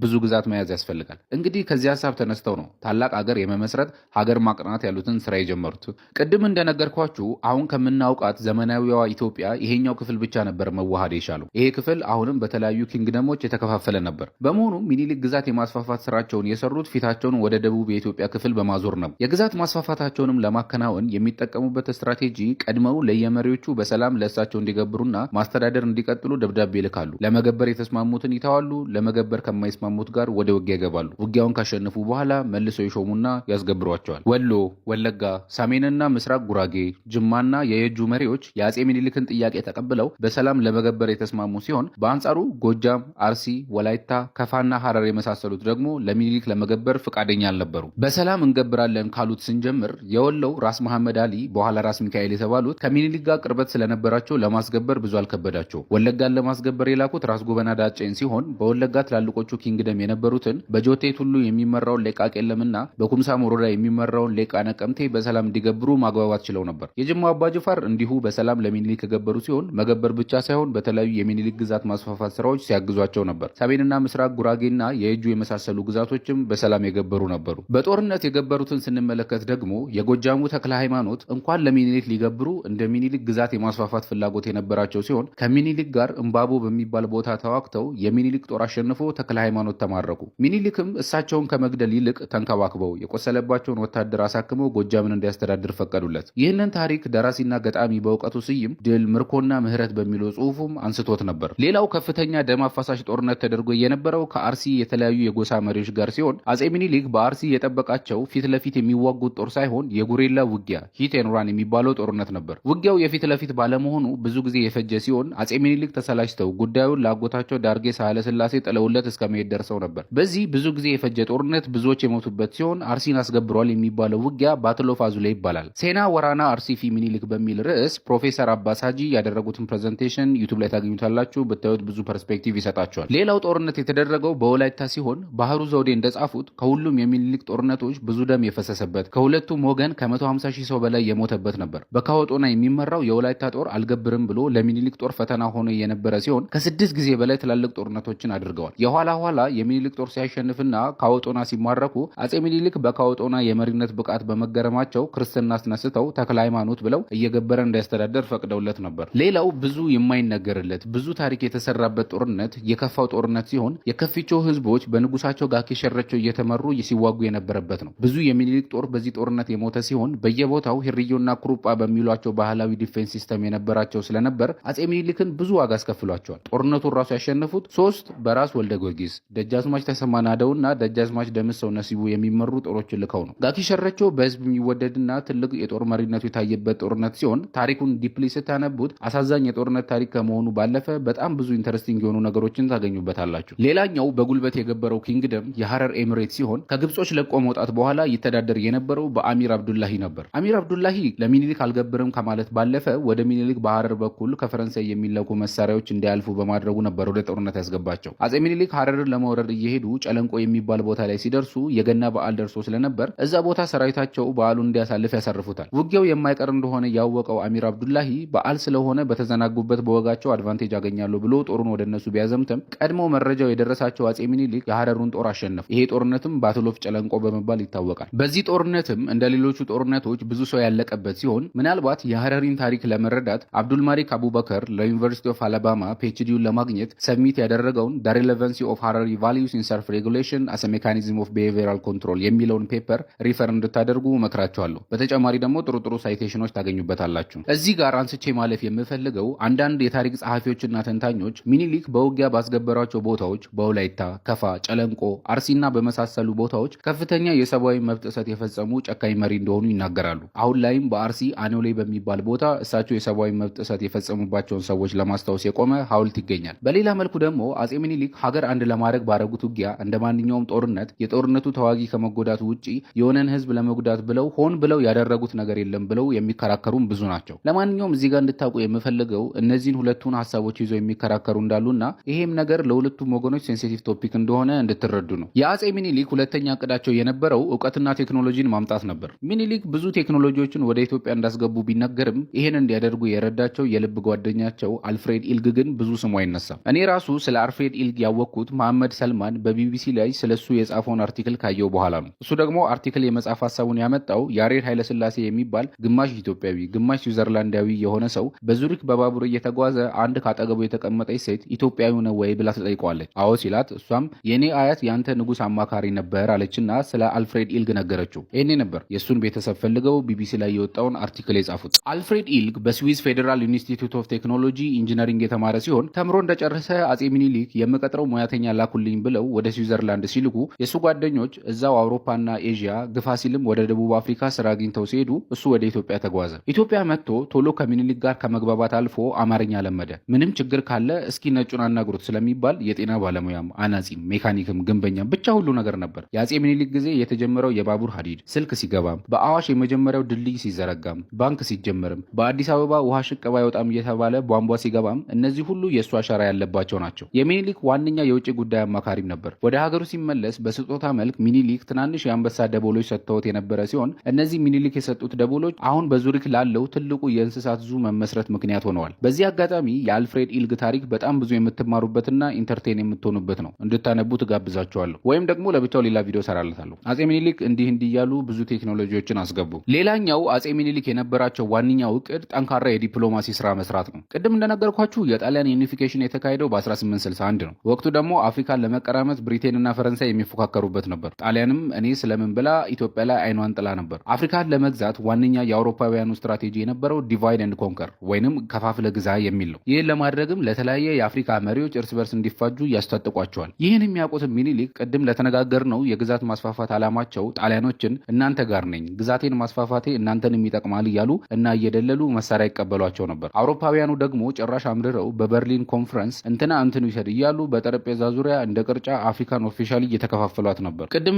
ብዙ ግዛት መያዝ ያስፈልጋል። እንግዲህ ከዚህ ሀሳብ ተነስተው ነው ታላቅ አገር የመመስረት ሀገር ማቅናት ያሉትን ስራ የጀመሩት። ቅድም እንደነገርኳችሁ አሁን ከምናውቃት ዘመናዊዋ ኢትዮጵያ ይሄኛው ክፍል ብቻ ነበር መዋሃድ የቻለው። ይሄ ክፍል አሁንም በተለያዩ ኪንግደሞች የተከፋፈለ ነበር። በመሆኑ ሚኒሊክ ግዛት የማስፋፋት ስራቸውን የሰሩት ፊታቸውን ወደ ደቡብ የኢትዮጵያ ክፍል በማዞር ነው። የግዛት ማስፋፋታቸውንም ለማከናወን የሚጠቀሙበት ስትራቴጂ ቀድመው ለየመሪዎቹ በሰላም ለእሳቸው እንዲገብሩና ማስተዳደር እንዲቀጥሉ ደብዳቤ ይልካሉ። ለመገበር የተስማሙትን ይተዋሉ። ለመገበር ከማይስማሙት ጋር ወደ ውጊያ ይገባሉ። ውጊያውን ካሸነፉ በኋላ መልሰው ይሾሙና ያስገብሯል። አድርጓቸዋል። ወሎ፣ ወለጋ፣ ሰሜንና ምስራቅ ጉራጌ፣ ጅማና የየጁ መሪዎች የአጼ ሚኒሊክን ጥያቄ ተቀብለው በሰላም ለመገበር የተስማሙ ሲሆን በአንጻሩ ጎጃም፣ አርሲ፣ ወላይታ፣ ከፋና ሐረር የመሳሰሉት ደግሞ ለሚኒሊክ ለመገበር ፈቃደኛ አልነበሩ። በሰላም እንገብራለን ካሉት ስንጀምር የወሎው ራስ መሐመድ አሊ በኋላ ራስ ሚካኤል የተባሉት ከሚኒሊክ ጋር ቅርበት ስለነበራቸው ለማስገበር ብዙ አልከበዳቸው። ወለጋን ለማስገበር የላኩት ራስ ጎበና ዳጨን ሲሆን በወለጋ ትላልቆቹ ኪንግደም የነበሩትን በጆቴ ቱሉ የሚመራውን ሌቃ በኩምሳ ሞሮዳ የሚ የሚመራውን ሌቃነ ቀምቴ በሰላም እንዲገብሩ ማግባባት ችለው ነበር። የጅማ አባጅፋር እንዲሁ በሰላም ለሚኒሊክ የገበሩ ሲሆን መገበር ብቻ ሳይሆን በተለያዩ የሚኒሊክ ግዛት ማስፋፋት ስራዎች ሲያግዟቸው ነበር። ሰሜንና ምስራቅ ጉራጌና የእጁ የመሳሰሉ ግዛቶችም በሰላም የገበሩ ነበሩ። በጦርነት የገበሩትን ስንመለከት ደግሞ የጎጃሙ ተክለ ሃይማኖት እንኳን ለሚኒሊክ ሊገብሩ እንደ ሚኒሊክ ግዛት የማስፋፋት ፍላጎት የነበራቸው ሲሆን ከሚኒሊክ ጋር እምባቦ በሚባል ቦታ ተዋግተው የሚኒሊክ ጦር አሸንፎ ተክለ ሃይማኖት ተማረኩ። ሚኒሊክም እሳቸውን ከመግደል ይልቅ ተንከባክበው የቆሰለባቸውን የነበረውን ወታደር አሳክመው ጎጃምን እንዲያስተዳድር ፈቀዱለት። ይህንን ታሪክ ደራሲና ገጣሚ በእውቀቱ ስይም ድል፣ ምርኮና ምህረት በሚለው ጽሁፉም አንስቶት ነበር። ሌላው ከፍተኛ ደም አፋሳሽ ጦርነት ተደርጎ የነበረው ከአርሲ የተለያዩ የጎሳ መሪዎች ጋር ሲሆን አጼ ሚኒሊክ በአርሲ የጠበቃቸው ፊት ለፊት የሚዋጉት ጦር ሳይሆን የጉሬላ ውጊያ ሂት ኤን ራን የሚባለው ጦርነት ነበር። ውጊያው የፊት ለፊት ባለመሆኑ ብዙ ጊዜ የፈጀ ሲሆን አጼ ሚኒሊክ ተሰላጅተው ጉዳዩን ለአጎታቸው ዳርጌ ስላሴ ጥለውለት እስከመሄድ ደርሰው ነበር። በዚህ ብዙ ጊዜ የፈጀ ጦርነት ብዙዎች የሞቱበት ሲሆን አርሲን አስገብሯል ተደርጓል የሚባለው ውጊያ ባትል ኦፍ አዙሌ ይባላል። ሴና ወራና አርሲፊ ሚኒሊክ በሚል ርዕስ ፕሮፌሰር አባስ ያደረጉትን ፕሬዘንቴሽን ዩቱብ ላይ ታገኙታላችሁ። ብታዩት ብዙ ፐርስፔክቲቭ ይሰጣቸዋል። ሌላው ጦርነት የተደረገው በወላይታ ሲሆን ባህሩ ዘውዴ እንደጻፉት ከሁሉም የሚኒሊክ ጦርነቶች ብዙ ደም የፈሰሰበት ከሁለቱም ወገን ከ150 ሺህ ሰው በላይ የሞተበት ነበር። በካወጦና የሚመራው የወላይታ ጦር አልገብርም ብሎ ለሚኒሊክ ጦር ፈተና ሆኖ የነበረ ሲሆን ከስድስት ጊዜ በላይ ትላልቅ ጦርነቶችን አድርገዋል። የኋላ ኋላ የሚኒሊክ ጦር ሲያሸንፍና ካወጦና ሲማረኩ አጼ ሚኒሊክ በካወጦና የ የመሪነት ብቃት በመገረማቸው ክርስትና አስነስተው ተክለ ሃይማኖት ብለው እየገበረ እንዲያስተዳደር ፈቅደውለት ነበር። ሌላው ብዙ የማይነገርለት ብዙ ታሪክ የተሰራበት ጦርነት የከፋው ጦርነት ሲሆን የከፊቾ ህዝቦች በንጉሳቸው ጋኪ ሸረቸው እየተመሩ ሲዋጉ የነበረበት ነው። ብዙ የሚኒሊክ ጦር በዚህ ጦርነት የሞተ ሲሆን በየቦታው ሂርዮና ኩሩጳ በሚሏቸው ባህላዊ ዲፌንስ ሲስተም የነበራቸው ስለነበር አፄ ሚኒሊክን ብዙ ዋጋ አስከፍሏቸዋል። ጦርነቱን ራሱ ያሸነፉት ሶስት በራስ ወልደ ጊዮርጊስ፣ ደጃዝማች ተሰማ ናደውና ደጃዝማች ደምሰው ነሲቡ የሚመሩ ጦሮችን ልከው ነው። ጣቲ ሸረቾ በህዝብ የሚወደድና ትልቅ የጦር መሪነቱ የታየበት ጦርነት ሲሆን ታሪኩን ዲፕሊ ስታነቡት አሳዛኝ የጦርነት ታሪክ ከመሆኑ ባለፈ በጣም ብዙ ኢንተረስቲንግ የሆኑ ነገሮችን ታገኙበታላችሁ። ሌላኛው በጉልበት የገበረው ኪንግደም የሐረር ኤሚሬት ሲሆን ከግብጾች ለቆ መውጣት በኋላ ይተዳደር የነበረው በአሚር አብዱላሂ ነበር። አሚር አብዱላሂ ለሚኒሊክ አልገብርም ከማለት ባለፈ ወደ ሚኒሊክ በሐረር በኩል ከፈረንሳይ የሚለኩ መሳሪያዎች እንዲያልፉ በማድረጉ ነበር ወደ ጦርነት ያስገባቸው። አጼ ሚኒሊክ ሐረርን ለመውረር እየሄዱ ጨለንቆ የሚባል ቦታ ላይ ሲደርሱ የገና በዓል ደርሶ ስለነበር እዛ ቦታ ሰራዊታቸው በዓሉን እንዲያሳልፍ ያሳርፉታል። ውጊያው የማይቀር እንደሆነ ያወቀው አሚር አብዱላሂ በዓል ስለሆነ በተዘናጉበት በወጋቸው አድቫንቴጅ አገኛሉ ብሎ ጦሩን ወደ እነሱ ቢያዘምተም ቀድሞ መረጃው የደረሳቸው አጼ ሚኒሊክ የሀረሩን ጦር አሸነፉ። ይሄ ጦርነትም ባትሎፍ ጨለንቆ በመባል ይታወቃል። በዚህ ጦርነትም እንደ ሌሎቹ ጦርነቶች ብዙ ሰው ያለቀበት ሲሆን ምናልባት የሀረሪን ታሪክ ለመረዳት አብዱልማሪክ አቡበከር ለዩኒቨርሲቲ ኦፍ አላባማ ፒኤችዲውን ለማግኘት ሰሚት ያደረገውን ደ ሪሌቫንሲ ኦፍ ሀረሪ ቫሊዩስ ኢን ሰልፍ ሬጉሌሽን አስ ሜካኒዝም ኦፍ ቢሄቪራል ኮንትሮል የሚለውን ፔፐር ሪፈር እንድታደርጉ መክራችኋለሁ። በተጨማሪ ደግሞ ጥሩ ጥሩ ሳይቴሽኖች ታገኙበታላችሁ። እዚህ ጋር አንስቼ ማለፍ የምፈልገው አንዳንድ የታሪክ ጸሐፊዎችና ተንታኞች ሚኒሊክ በውጊያ ባስገበሯቸው ቦታዎች በወላይታ፣ ከፋ፣ ጨለንቆ፣ አርሲና በመሳሰሉ ቦታዎች ከፍተኛ የሰብአዊ መብት ጥሰት የፈጸሙ ጨካኝ መሪ እንደሆኑ ይናገራሉ። አሁን ላይም በአርሲ አኔሌ በሚባል ቦታ እሳቸው የሰብአዊ መብት ጥሰት የፈጸሙባቸውን ሰዎች ለማስታወስ የቆመ ሐውልት ይገኛል። በሌላ መልኩ ደግሞ አጼ ሚኒሊክ ሀገር አንድ ለማድረግ ባረጉት ውጊያ እንደ ማንኛውም ጦርነት የጦርነቱ ተዋጊ ከመጎዳቱ ውጭ የሆነን ህዝብ ለመጉዳት ብለው ሆን ብለው ያደረጉት ነገር የለም ብለው የሚከራከሩም ብዙ ናቸው። ለማንኛውም እዚህ ጋር እንድታውቁ የምፈልገው እነዚህን ሁለቱን ሀሳቦች ይዘው የሚከራከሩ እንዳሉና ይሄም ነገር ለሁለቱም ወገኖች ሴንሲቲቭ ቶፒክ እንደሆነ እንድትረዱ ነው። የአጼ ሚኒሊክ ሁለተኛ እቅዳቸው የነበረው እውቀትና ቴክኖሎጂን ማምጣት ነበር። ሚኒሊክ ብዙ ቴክኖሎጂዎችን ወደ ኢትዮጵያ እንዳስገቡ ቢነገርም ይህን እንዲያደርጉ የረዳቸው የልብ ጓደኛቸው አልፍሬድ ኢልግ ግን ብዙ ስሙ አይነሳም። እኔ ራሱ ስለ አልፍሬድ ኢልግ ያወቅኩት መሐመድ ሰልማን በቢቢሲ ላይ ስለሱ የጻፈውን አርቲክል ካየው በኋላ ነው። እሱ ደግሞ አርቲክል ማዕከል የመጽሐፍ ሀሳቡን ያመጣው ያሬድ ኃይለስላሴ የሚባል ግማሽ ኢትዮጵያዊ ግማሽ ስዊዘርላንዳዊ የሆነ ሰው በዙሪክ በባቡር እየተጓዘ አንድ ካጠገቡ የተቀመጠች ሴት ኢትዮጵያዊ ነው ወይ ብላ ተጠይቀዋለች። አዎ ሲላት እሷም የእኔ አያት የአንተ ንጉሥ አማካሪ ነበር አለችና ስለ አልፍሬድ ኢልግ ነገረችው። ይህኔ ነበር የእሱን ቤተሰብ ፈልገው ቢቢሲ ላይ የወጣውን አርቲክል የጻፉት። አልፍሬድ ኢልግ በስዊዝ ፌዴራል ኢንስቲትዩት ኦፍ ቴክኖሎጂ ኢንጂነሪንግ የተማረ ሲሆን ተምሮ እንደጨረሰ አጼ ሚኒሊክ የምቀጥረው ሙያተኛ ላኩልኝ ብለው ወደ ስዊዘርላንድ ሲልኩ የእሱ ጓደኞች እዛው አውሮፓና ኤዥያ ግፋሲልም ወደ ደቡብ አፍሪካ ስራ አግኝተው ሲሄዱ እሱ ወደ ኢትዮጵያ ተጓዘ። ኢትዮጵያ መጥቶ ቶሎ ከሚኒሊክ ጋር ከመግባባት አልፎ አማርኛ ለመደ። ምንም ችግር ካለ እስኪ ነጩን አናግሩት ስለሚባል የጤና ባለሙያም፣ አናጺም፣ ሜካኒክም፣ ግንበኛም ብቻ ሁሉ ነገር ነበር። የአጼ ሚኒሊክ ጊዜ የተጀመረው የባቡር ሀዲድ ስልክ ሲገባም፣ በአዋሽ የመጀመሪያው ድልድይ ሲዘረጋም፣ ባንክ ሲጀመርም፣ በአዲስ አበባ ውሃ ሽቅባ ይወጣም እየተባለ ቧንቧ ሲገባም፣ እነዚህ ሁሉ የእሱ አሻራ ያለባቸው ናቸው። የሚኒሊክ ዋነኛ የውጭ ጉዳይ አማካሪም ነበር። ወደ ሀገሩ ሲመለስ በስጦታ መልክ ሚኒሊክ ትናንሽ የአንበሳ ደቦሎ ደቦሎች ሰጥተውት የነበረ ሲሆን እነዚህ ሚኒሊክ የሰጡት ደቦሎች አሁን በዙሪክ ላለው ትልቁ የእንስሳት ዙ መመስረት ምክንያት ሆነዋል። በዚህ አጋጣሚ የአልፍሬድ ኢልግ ታሪክ በጣም ብዙ የምትማሩበትና ኢንተርቴን የምትሆኑበት ነው። እንድታነቡ ትጋብዛቸዋለሁ ወይም ደግሞ ለብቻው ሌላ ቪዲዮ ሰራለታለሁ። አጼ ሚኒሊክ እንዲህ እንዲህ እያሉ ብዙ ቴክኖሎጂዎችን አስገቡ። ሌላኛው አጼ ሚኒሊክ የነበራቸው ዋነኛው እቅድ ጠንካራ የዲፕሎማሲ ስራ መስራት ነው። ቅድም እንደነገርኳችሁ የጣሊያን ዩኒፊኬሽን የተካሄደው በ1861 ነው። ወቅቱ ደግሞ አፍሪካን ለመቀራመት ብሪቴንና ፈረንሳይ የሚፎካከሩበት ነበር። ጣሊያንም እኔ ስለምን ብላ ኢትዮጵያ ላይ አይኗን ጥላ ነበር። አፍሪካን ለመግዛት ዋነኛ የአውሮፓውያኑ ስትራቴጂ የነበረው ዲቫይድ ኤንድ ኮንከር ወይንም ከፋፍለ ግዛ የሚል ነው። ይህን ለማድረግም ለተለያየ የአፍሪካ መሪዎች እርስ በርስ እንዲፋጁ ያስታጥቋቸዋል። ይህን የሚያውቁት ሚኒሊክ ቅድም ለተነጋገር ነው የግዛት ማስፋፋት ዓላማቸው ጣሊያኖችን እናንተ ጋር ነኝ፣ ግዛቴን ማስፋፋቴ እናንተን የሚጠቅማል እያሉ እና እየደለሉ መሳሪያ ይቀበሏቸው ነበር። አውሮፓውያኑ ደግሞ ጭራሽ አምርረው በበርሊን ኮንፈረንስ እንትና እንትን ይውሰድ እያሉ በጠረጴዛ ዙሪያ እንደ ቅርጫ አፍሪካን ኦፊሻል እየተከፋፈሏት ነበር። ቅድም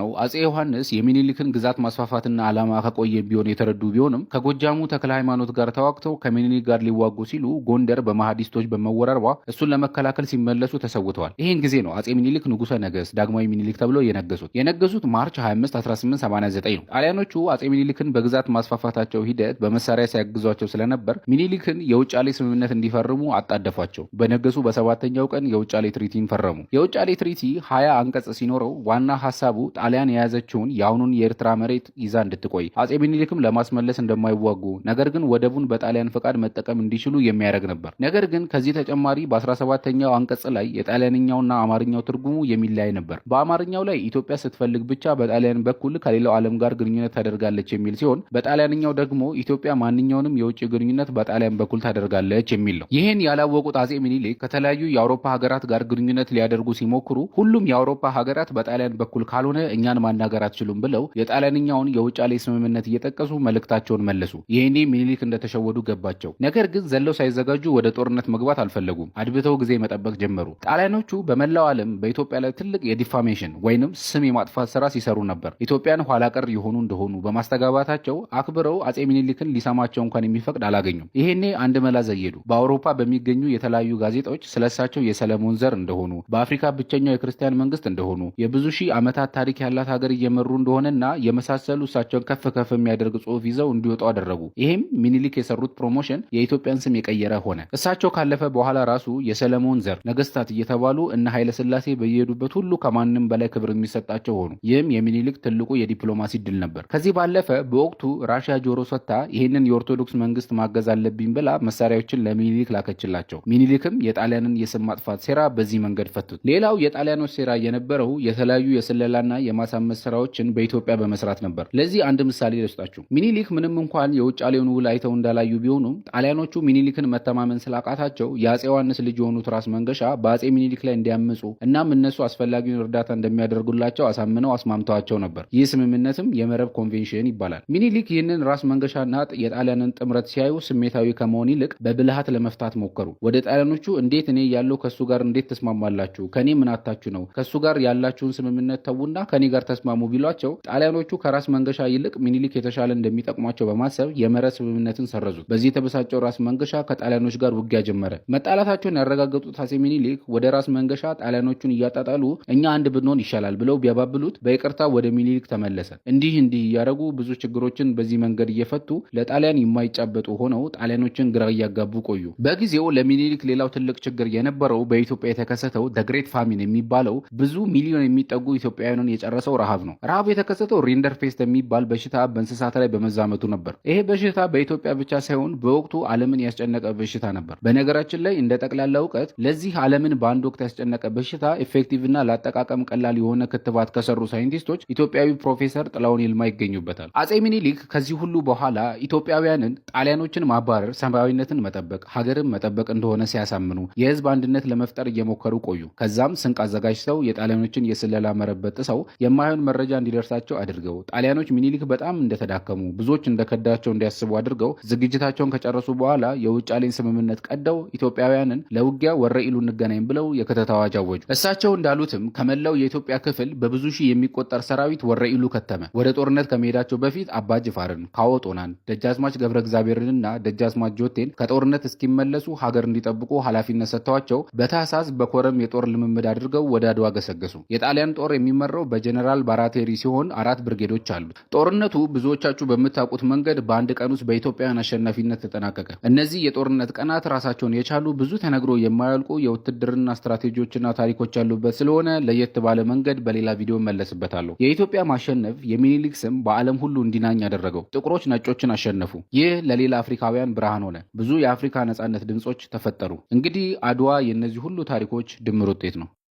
ነው። አጼ ዮሐ ዮሐንስ የሚኒሊክን ግዛት ማስፋፋትና ዓላማ ከቆየ ቢሆን የተረዱ ቢሆንም ከጎጃሙ ተክለ ሃይማኖት ጋር ተዋግተው ከሚኒሊክ ጋር ሊዋጉ ሲሉ ጎንደር በማህዲስቶች በመወረርቧ እሱን ለመከላከል ሲመለሱ ተሰውተዋል። ይህን ጊዜ ነው አጼ ሚኒሊክ ንጉሰ ነገስት ዳግማዊ ሚኒሊክ ተብለው የነገሱት። የነገሱት ማርች 25 1889 ነው። ጣሊያኖቹ አጼ ሚኒሊክን በግዛት ማስፋፋታቸው ሂደት በመሳሪያ ሲያግዟቸው ስለነበር ሚኒሊክን የውጫሌ ስምምነት እንዲፈርሙ አጣደፏቸው። በነገሱ በሰባተኛው ቀን የውጫሌ ትሪቲን ፈረሙ። የውጫሌ ትሪቲ ሀያ አንቀጽ ሲኖረው ዋና ሀሳቡ ጣሊያን የያዘችው የነበረችውን የአሁኑን የኤርትራ መሬት ይዛ እንድትቆይ አጼ ሚኒሊክም ለማስመለስ እንደማይዋጉ ነገር ግን ወደቡን በጣሊያን ፈቃድ መጠቀም እንዲችሉ የሚያደርግ ነበር። ነገር ግን ከዚህ ተጨማሪ በ17ኛው አንቀጽ ላይ የጣሊያንኛውና አማርኛው ትርጉሙ የሚለያይ ነበር። በአማርኛው ላይ ኢትዮጵያ ስትፈልግ ብቻ በጣሊያን በኩል ከሌላው ዓለም ጋር ግንኙነት ታደርጋለች የሚል ሲሆን፣ በጣሊያንኛው ደግሞ ኢትዮጵያ ማንኛውንም የውጭ ግንኙነት በጣሊያን በኩል ታደርጋለች የሚል ነው። ይህን ያላወቁት አጼ ሚኒሊክ ከተለያዩ የአውሮፓ ሀገራት ጋር ግንኙነት ሊያደርጉ ሲሞክሩ ሁሉም የአውሮፓ ሀገራት በጣሊያን በኩል ካልሆነ እኛን ማናገር አትችሉም ብለው የጣሊያንኛውን የውጫሌ ስምምነት እየጠቀሱ መልእክታቸውን መለሱ። ይህኔ ሚኒሊክ እንደተሸወዱ ገባቸው። ነገር ግን ዘለው ሳይዘጋጁ ወደ ጦርነት መግባት አልፈለጉም። አድብተው ጊዜ መጠበቅ ጀመሩ። ጣሊያኖቹ በመላው ዓለም በኢትዮጵያ ላይ ትልቅ የዲፋሜሽን ወይንም ስም የማጥፋት ስራ ሲሰሩ ነበር። ኢትዮጵያን ኋላ ቀር የሆኑ እንደሆኑ በማስተጋባታቸው አክብረው አጼ ሚኒሊክን ሊሰማቸው እንኳን የሚፈቅድ አላገኙም። ይሄኔ አንድ መላ ዘየዱ። በአውሮፓ በሚገኙ የተለያዩ ጋዜጣዎች ስለሳቸው የሰለሞን ዘር እንደሆኑ፣ በአፍሪካ ብቸኛው የክርስቲያን መንግስት እንደሆኑ፣ የብዙ ሺህ ዓመታት ታሪክ ያላት ሀገር እየመሩ እንደሆነና የመሳሰሉ እሳቸውን ከፍ ከፍ የሚያደርግ ጽሁፍ ይዘው እንዲወጡ አደረጉ። ይህም ሚኒሊክ የሰሩት ፕሮሞሽን የኢትዮጵያን ስም የቀየረ ሆነ። እሳቸው ካለፈ በኋላ ራሱ የሰለሞን ዘር ነገስታት እየተባሉ እነ ኃይለስላሴ በየሄዱበት ሁሉ ከማንም በላይ ክብር የሚሰጣቸው ሆኑ። ይህም የሚኒሊክ ትልቁ የዲፕሎማሲ ድል ነበር። ከዚህ ባለፈ በወቅቱ ራሽያ ጆሮ ሰጥታ ይህንን የኦርቶዶክስ መንግስት ማገዝ አለብኝ ብላ መሳሪያዎችን ለሚኒሊክ ላከችላቸው። ሚኒሊክም የጣሊያንን የስም ማጥፋት ሴራ በዚህ መንገድ ፈቱት። ሌላው የጣሊያኖች ሴራ የነበረው የተለያዩ የስለላና የማሳመስ ስራዎችን በኢትዮጵያ በመስራት ነበር። ለዚህ አንድ ምሳሌ ልስጣችሁ። ሚኒሊክ ምንም እንኳን የውጫሌውን ውል አይተው እንዳላዩ ቢሆኑም ጣሊያኖቹ ሚኒሊክን መተማመን ስላቃታቸው የአፄ ዮሐንስ ልጅ የሆኑት ራስ መንገሻ በአፄ ሚኒሊክ ላይ እንዲያምፁ እናም እነሱ አስፈላጊውን እርዳታ እንደሚያደርጉላቸው አሳምነው አስማምተዋቸው ነበር። ይህ ስምምነትም የመረብ ኮንቬንሽን ይባላል። ሚኒሊክ ይህንን ራስ መንገሻና የጣሊያንን ጥምረት ሲያዩ ስሜታዊ ከመሆን ይልቅ በብልሃት ለመፍታት ሞከሩ። ወደ ጣሊያኖቹ እንዴት እኔ ያለው ከእሱ ጋር እንዴት ተስማማላችሁ? ከእኔ ምናታችሁ ነው? ከእሱ ጋር ያላችሁን ስምምነት ተዉና ከእኔ ጋር ተስማሙ ቢሏቸው ጣሊያኖቹ ከራስ መንገሻ ይልቅ ሚኒሊክ የተሻለ እንደሚጠቅሟቸው በማሰብ የመረት ስምምነትን ሰረዙት። በዚህ የተበሳጨው ራስ መንገሻ ከጣሊያኖች ጋር ውጊያ ጀመረ። መጣላታቸውን ያረጋገጡት አፄ ሚኒሊክ ወደ ራስ መንገሻ ጣሊያኖቹን እያጣጣሉ እኛ አንድ ብንሆን ይሻላል ብለው ቢያባብሉት በይቅርታ ወደ ሚኒሊክ ተመለሰ። እንዲህ እንዲህ እያደረጉ ብዙ ችግሮችን በዚህ መንገድ እየፈቱ ለጣሊያን የማይጫበጡ ሆነው ጣሊያኖችን ግራ እያጋቡ ቆዩ። በጊዜው ለሚኒሊክ ሌላው ትልቅ ችግር የነበረው በኢትዮጵያ የተከሰተው ደግሬት ፋሚን የሚባለው ብዙ ሚሊዮን የሚጠጉ ኢትዮጵያውያንን የጨረሰው ረሃብ ነው። ነው። ረሃቡ የተከሰተው ሪንደር ፌስት የሚባል በሽታ በእንስሳት ላይ በመዛመቱ ነበር። ይሄ በሽታ በኢትዮጵያ ብቻ ሳይሆን በወቅቱ ዓለምን ያስጨነቀ በሽታ ነበር። በነገራችን ላይ እንደ ጠቅላላ እውቀት ለዚህ ዓለምን በአንድ ወቅት ያስጨነቀ በሽታ ኢፌክቲቭና ለአጠቃቀም ቀላል የሆነ ክትባት ከሰሩ ሳይንቲስቶች ኢትዮጵያዊ ፕሮፌሰር ጥላሁን ይልማ ይገኙበታል። አጼ ሚኒሊክ ከዚህ ሁሉ በኋላ ኢትዮጵያውያንን ጣሊያኖችን ማባረር ሰማያዊነትን መጠበቅ ሀገርን መጠበቅ እንደሆነ ሲያሳምኑ የህዝብ አንድነት ለመፍጠር እየሞከሩ ቆዩ። ከዛም ስንቅ አዘጋጅተው የጣሊያኖችን የስለላ መረብ በጥሰው የማይሆን መረ ደረጃ እንዲደርሳቸው አድርገው ጣሊያኖች ሚኒሊክ በጣም እንደተዳከሙ ብዙዎች እንደከዳቸው እንዲያስቡ አድርገው ዝግጅታቸውን ከጨረሱ በኋላ የውጫሌን ስምምነት ቀደው ኢትዮጵያውያንን ለውጊያ ወረ ኢሉ እንገናኝ ብለው የክተት አዋጅ አወጁ። እሳቸው እንዳሉትም ከመላው የኢትዮጵያ ክፍል በብዙ ሺህ የሚቆጠር ሰራዊት ወረ ኢሉ ከተመ። ወደ ጦርነት ከመሄዳቸው በፊት አባ ጅፋርን፣ ካወጦናን፣ ደጃዝማች ገብረ እግዚአብሔርንና ደጃዝማች ጆቴን ከጦርነት እስኪመለሱ ሀገር እንዲጠብቁ ኃላፊነት ሰጥተዋቸው በታህሳስ በኮረም የጦር ልምምድ አድርገው ወደ አድዋ ገሰገሱ። የጣሊያን ጦር የሚመራው በጀኔራል ባራቴ ሚሊታቴሪ ሲሆን አራት ብርጌዶች አሉት። ጦርነቱ ብዙዎቻችሁ በምታውቁት መንገድ በአንድ ቀን ውስጥ በኢትዮጵያውያን አሸናፊነት ተጠናቀቀ። እነዚህ የጦርነት ቀናት ራሳቸውን የቻሉ ብዙ ተነግሮ የማያልቁ የውትድርና ስትራቴጂዎችና ታሪኮች ያሉበት ስለሆነ ለየት ባለ መንገድ በሌላ ቪዲዮ መለስበታለሁ። የኢትዮጵያ ማሸነፍ የሚኒሊክ ስም በዓለም ሁሉ እንዲናኝ ያደረገው ጥቁሮች ነጮችን አሸነፉ። ይህ ለሌላ አፍሪካውያን ብርሃን ሆነ። ብዙ የአፍሪካ ነጻነት ድምፆች ተፈጠሩ። እንግዲህ አድዋ የእነዚህ ሁሉ ታሪኮች ድምር ውጤት ነው።